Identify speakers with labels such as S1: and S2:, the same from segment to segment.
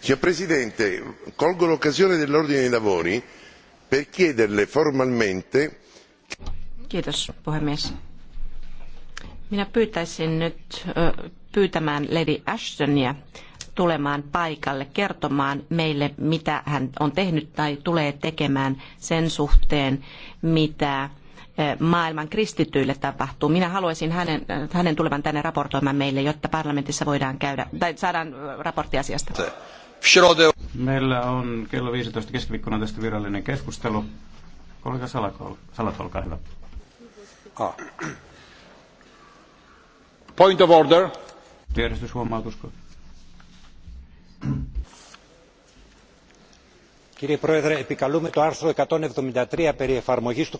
S1: signor presidente colgo l'occasione dell'ordine dei lavori per chiederle formalmente.
S2: kiitos puhemies minä pyytäisin nyt pyytämään lady ashtonia tulemaan paikalle kertomaan meille mitä hän on tehnyt tai tulee tekemään sen suhteen mitä Eh, maailman kristityille tapahtuu. Minä haluaisin hänen, hänen tulevan tänne raportoimaan meille, jotta parlamentissa voidaan käydä, tai saadaan raportti asiasta.
S3: Meillä on kello 15 keskiviikkona tästä virallinen keskustelu. Kollega Salat, olkaa hyvä. Ah. Point of order. Järjestyshuomautusko? Κύριε Πρόεδρε, επικαλούμε το άρθρο 173 περί εφαρμογής του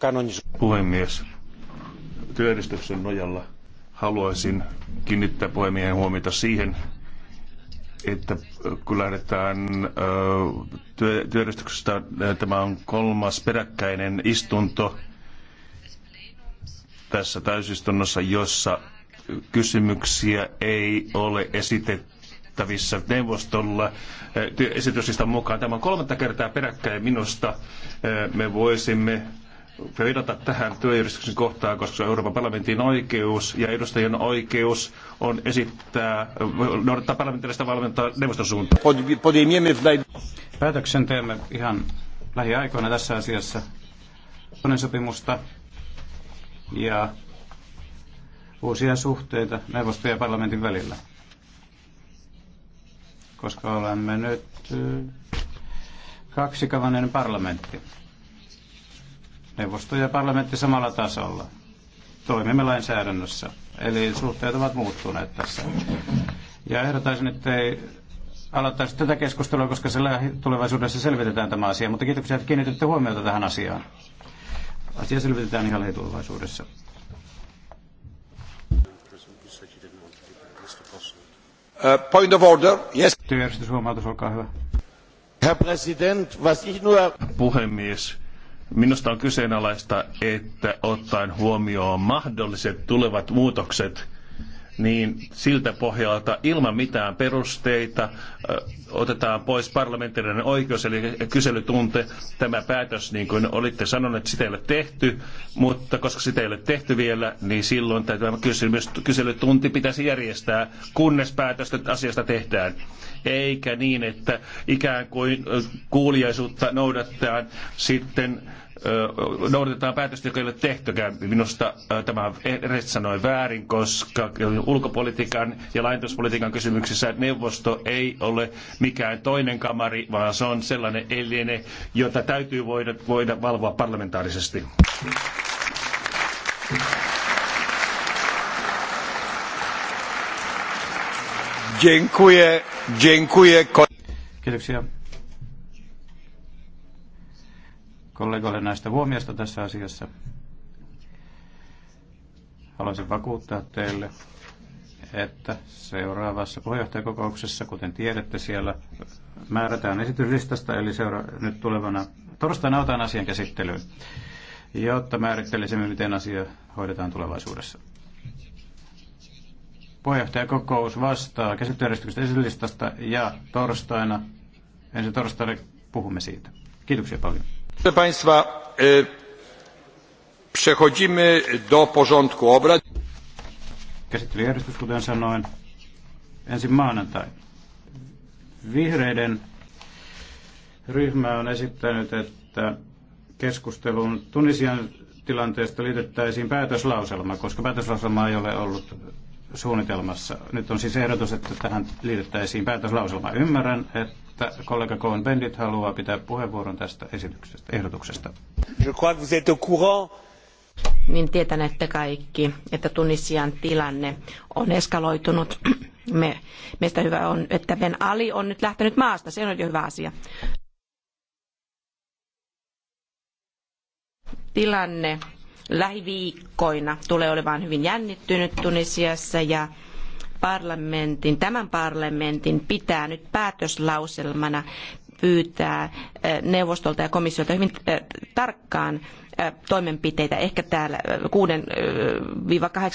S1: Puhemies, työjärjestyksen nojalla haluaisin kiinnittää puhemiehen huomiota siihen, että kun lähdetään työ, työjärjestyksestä, tämä on kolmas peräkkäinen istunto tässä täysistunnossa, jossa kysymyksiä ei ole esitetty tehtävissä neuvostolla eh, esityslistan mukaan. Tämä on kolmatta kertaa peräkkäin minusta. Eh, me voisimme vedota tähän työjärjestyksen kohtaan, koska Euroopan parlamentin oikeus ja edustajien oikeus on esittää, noudattaa parlamentaarista valmentaa neuvoston suuntaan.
S3: Päätöksen teemme ihan lähiaikoina tässä asiassa. Toinen sopimusta ja uusia suhteita neuvoston ja parlamentin välillä koska olemme nyt äh, kaksikavainen parlamentti. Neuvosto ja parlamentti samalla tasolla. Toimimme lainsäädännössä, eli suhteet ovat muuttuneet tässä. Ja ehdotaisin, että ei aloittaisi tätä keskustelua, koska se tulevaisuudessa selvitetään tämä asia, mutta kiitoksia, että kiinnititte huomiota tähän asiaan. Asia selvitetään ihan lähitulevaisuudessa. Uh,
S1: Puhemies, minusta on kyseenalaista, että ottaen huomioon mahdolliset tulevat muutokset niin siltä pohjalta ilman mitään perusteita otetaan pois parlamentaarinen oikeus, eli kyselytunte, tämä päätös, niin kuin olitte sanoneet, sitä ei ole tehty, mutta koska sitä ei ole tehty vielä, niin silloin tämä kyselytunti pitäisi järjestää, kunnes päätöstä asiasta tehdään eikä niin, että ikään kuin kuuliaisuutta noudattaa sitten noudatetaan päätöstä, joka ei ole tehtykään. Minusta tämä Rest sanoi väärin, koska ulkopolitiikan ja laintospolitiikan kysymyksissä neuvosto ei ole mikään toinen kamari, vaan se on sellainen eline, jota täytyy voida, voida valvoa parlamentaarisesti. Dziękuję, dziękuję.
S3: Kiitoksia. kollegoille näistä huomiosta tässä asiassa. Haluaisin vakuuttaa teille, että seuraavassa puheenjohtajakokouksessa, kuten tiedätte, siellä määrätään esityslistasta, eli seura- nyt tulevana torstaina otan asian käsittelyyn, jotta määrittelisimme, miten asia hoidetaan tulevaisuudessa. Puheenjohtajakokous vastaa käsittelyjärjestyksestä esityslistasta ja torstaina, ensi torstaina puhumme siitä. Kiitoksia paljon. Proszę Państwa, przechodzimy do porządku obrad. Käsittelyjärjestys, kuten sanoin, ensin maanantai. Vihreiden ryhmä on esittänyt, että keskusteluun Tunisian tilanteesta liitettäisiin päätöslauselma, koska päätöslauselma ei ole ollut suunnitelmassa. Nyt on siis ehdotus, että tähän liitettäisiin päätöslauselma. Ymmärrän, että että kollega Cohen Bendit haluaa pitää puheenvuoron tästä esityksestä, ehdotuksesta.
S1: Je crois que vous êtes au courant.
S2: Niin tietänette kaikki, että Tunisian tilanne on eskaloitunut. Me, meistä hyvä on, että Ben Ali on nyt lähtenyt maasta. Se on jo hyvä asia. Tilanne lähiviikkoina tulee olemaan hyvin jännittynyt Tunisiassa ja parlamentin, tämän parlamentin pitää nyt päätöslauselmana pyytää äh, neuvostolta ja komissiolta hyvin äh, tarkkaan äh, toimenpiteitä. Ehkä täällä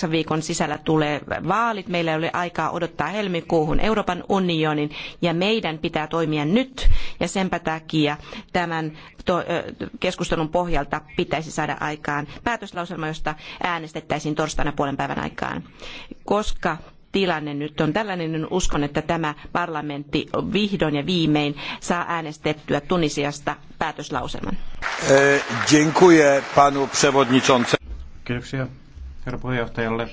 S2: 6-8 viikon sisällä tulee vaalit. Meillä ei ole aikaa odottaa helmikuuhun Euroopan unionin ja meidän pitää toimia nyt ja senpä takia tämän keskustelun pohjalta pitäisi saada aikaan päätöslauselma, josta äänestettäisiin torstaina puolen päivän aikaan. Koska tilanne nyt on tällainen, niin uskon, että tämä parlamentti vihdoin ja viimein saa äänestettyä Tunisiasta päätöslauselman.
S1: Eh,
S3: dziękuję panu Kiitoksia herra puheenjohtajalle.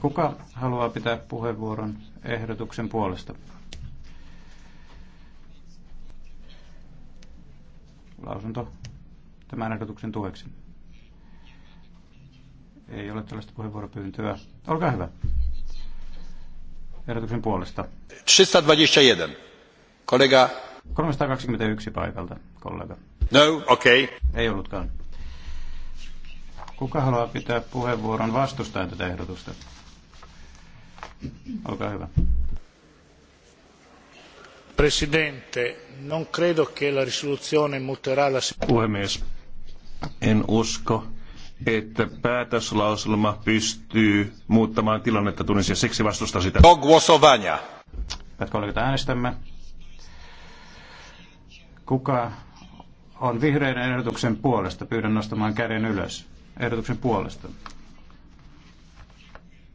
S3: Kuka haluaa pitää puheenvuoron ehdotuksen puolesta? Lausunto tämän ehdotuksen tueksi. Ei ole tällaista puheenvuoropyyntöä. Olkaa hyvä ehdotuksen puolesta. 321. Kollega. 321 paikalta, kollega. No, okei. Okay. Ei ollutkaan. Kuka haluaa pitää puheenvuoron vastustaen tätä ehdotusta? Olkaa hyvä. Presidente, non credo che la risoluzione muterà la...
S1: Puhemies, en usko, että päätöslauselma pystyy muuttamaan tilannetta Tunisia. Siksi vastusta sitä. Do głosowania. äänestämme.
S3: Kuka on vihreiden ehdotuksen puolesta? Pyydän nostamaan käden ylös. Ehdotuksen puolesta.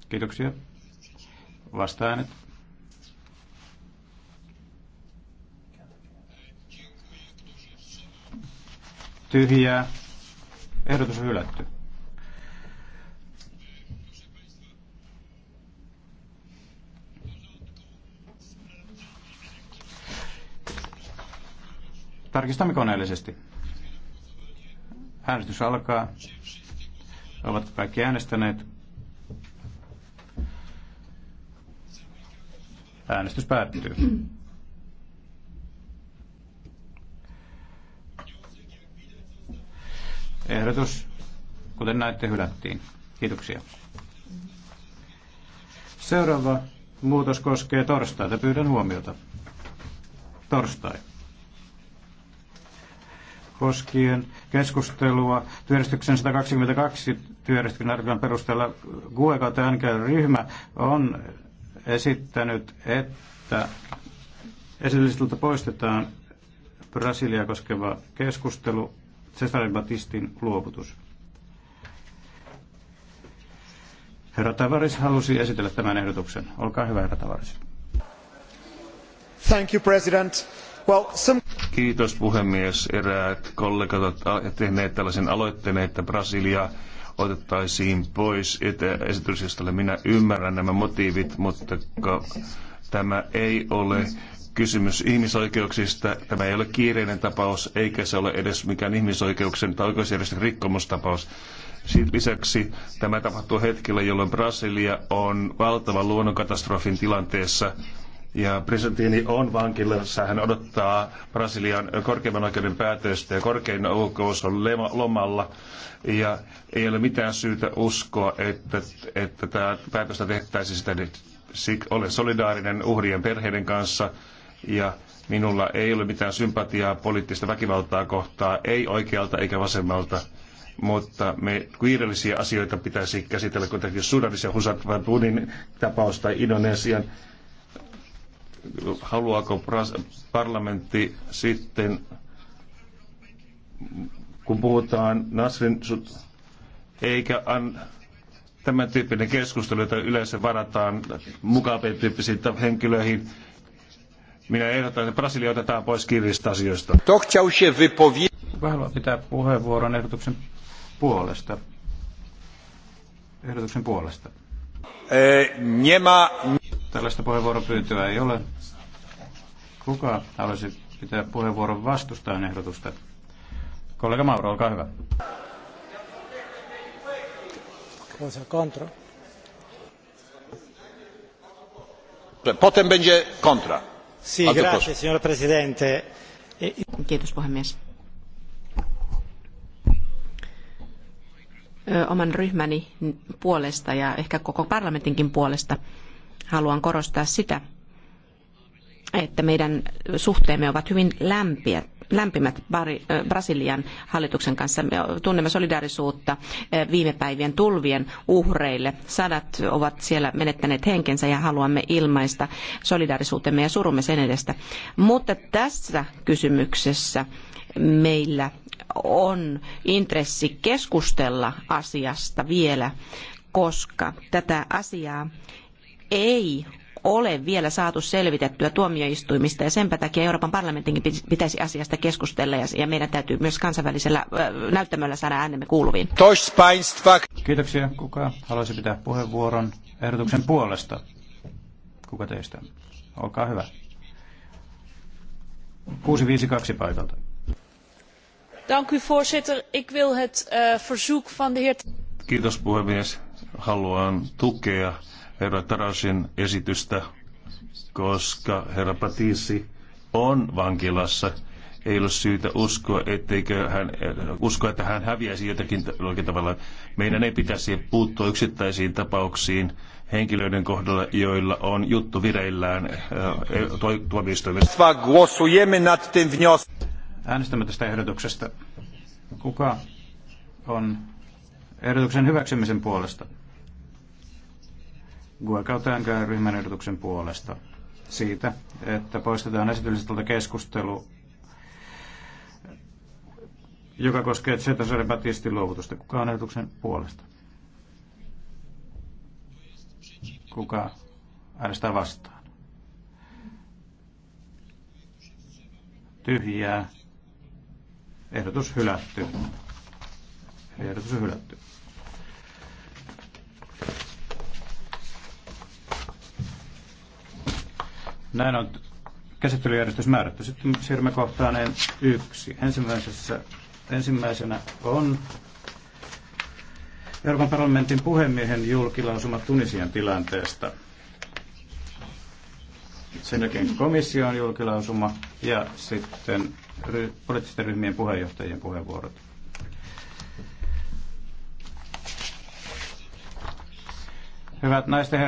S3: Kiitoksia. Vastaäänet. Tyhjää. Ehdotus on hylätty. Tarkistamme koneellisesti. Äänestys alkaa. Ovat kaikki äänestäneet. Äänestys päättyy. Ehdotus, kuten näette, hylättiin. Kiitoksia. Seuraava muutos koskee torstaita. Pyydän huomiota. Torstai koskien keskustelua työjärjestyksen 122 työjärjestyksen arvion perusteella GUE kautta ryhmä on esittänyt, että esityslistalta poistetaan Brasilia koskeva keskustelu Cesare Batistin luovutus. Herra Tavaris halusi esitellä tämän ehdotuksen. Olkaa hyvä, herra Tavaris.
S2: Thank you, President.
S1: Well, some... Kiitos puhemies. Eräät kollegat ovat tehneet tällaisen aloitteen, että Brasilia otettaisiin pois esityslistalle. Minä ymmärrän nämä motiivit, mutta tämä ei ole kysymys ihmisoikeuksista. Tämä ei ole kiireinen tapaus, eikä se ole edes mikään ihmisoikeuksien tai oikeusjärjestön rikkomustapaus. Siitä lisäksi tämä tapahtuu hetkellä, jolloin Brasilia on valtavan luonnonkatastrofin tilanteessa ja Presentini on vankilassa. Hän odottaa Brasilian korkeimman oikeuden päätöstä ja korkein oikeus on lomalla. Ja ei ole mitään syytä uskoa, että, että tämä päätöstä tehtäisiin sitä nyt. Olen solidaarinen uhrien perheiden kanssa ja minulla ei ole mitään sympatiaa poliittista väkivaltaa kohtaa, ei oikealta eikä vasemmalta mutta me kiireellisiä asioita pitäisi käsitellä, kuten Sudanissa Husat Vadunin tapaus tai Indonesian haluaako parlamentti sitten, kun puhutaan Nasrin, eikä an, tämän tyyppinen keskustelu, jota yleensä varataan mukaan tyyppisiin henkilöihin, minä ehdotan, että Brasilia otetaan pois kirjasta asioista. Haluan pitää puheenvuoron ehdotuksen
S3: puolesta. Ehdotuksen puolesta. E, nie ma... Tällaista puheenvuoropyyntöä ei ole. Kuka haluaisi pitää puheenvuoron vastustajan ehdotusta? Kollega Mauro, olkaa hyvä. Kontra. kontra.
S2: Si, grazie, signor Presidente. E- Kiitos puhemies. Oman ryhmäni puolesta ja ehkä koko parlamentinkin puolesta haluan korostaa sitä, että meidän suhteemme ovat hyvin lämpiä, lämpimät Brasilian hallituksen kanssa. Me tunnemme solidaarisuutta viime päivien tulvien uhreille. Sadat ovat siellä menettäneet henkensä ja haluamme ilmaista solidaarisuutemme ja surumme sen edestä. Mutta tässä kysymyksessä meillä on intressi keskustella asiasta vielä, koska tätä asiaa ei ole vielä saatu selvitettyä tuomioistuimista ja senpä takia Euroopan parlamentinkin pitäisi asiasta keskustella ja meidän täytyy myös kansainvälisellä näyttämöllä saada äänemme
S3: kuuluviin. Kiitoksia. Kuka haluaisi pitää puheenvuoron ehdotuksen puolesta? Kuka teistä? Olkaa hyvä.
S1: 652 paikalta.
S2: Dank u voorzitter. Ik wil het eh, verzoek van de heer...
S1: Kiitos puhemies. Haluan tukea herra Tarasin esitystä, koska herra Patisi on vankilassa. Ei ole syytä uskoa, etteikö hän, usko, että hän häviäisi jotakin, tavalla. Meidän ei pitäisi puuttua yksittäisiin tapauksiin henkilöiden kohdalla, joilla on juttu vireillään eh, eh, tuomioistuimessa. Äänestämme tästä ehdotuksesta.
S3: Kuka on ehdotuksen hyväksymisen puolesta? Guekauteen ryhmän ehdotuksen puolesta siitä, että poistetaan esityksestä keskustelu, joka koskee Zetasaaren Batistin luovutusta. Kuka on ehdotuksen puolesta? Kuka äänestää vastaan? Tyhjää. Ehdotus hylätty. Ehdotus on hylätty. Näin on käsittelyjärjestys määrätty. Sitten siirrymme kohtaan yksi. Ensimmäisessä, ensimmäisenä on Euroopan parlamentin puhemiehen julkilausuma Tunisian tilanteesta. Sen jälkeen komission julkilausuma ja sitten ry- poliittisten ryhmien puheenjohtajien puheenvuorot.
S1: Hyvät naiset herrat,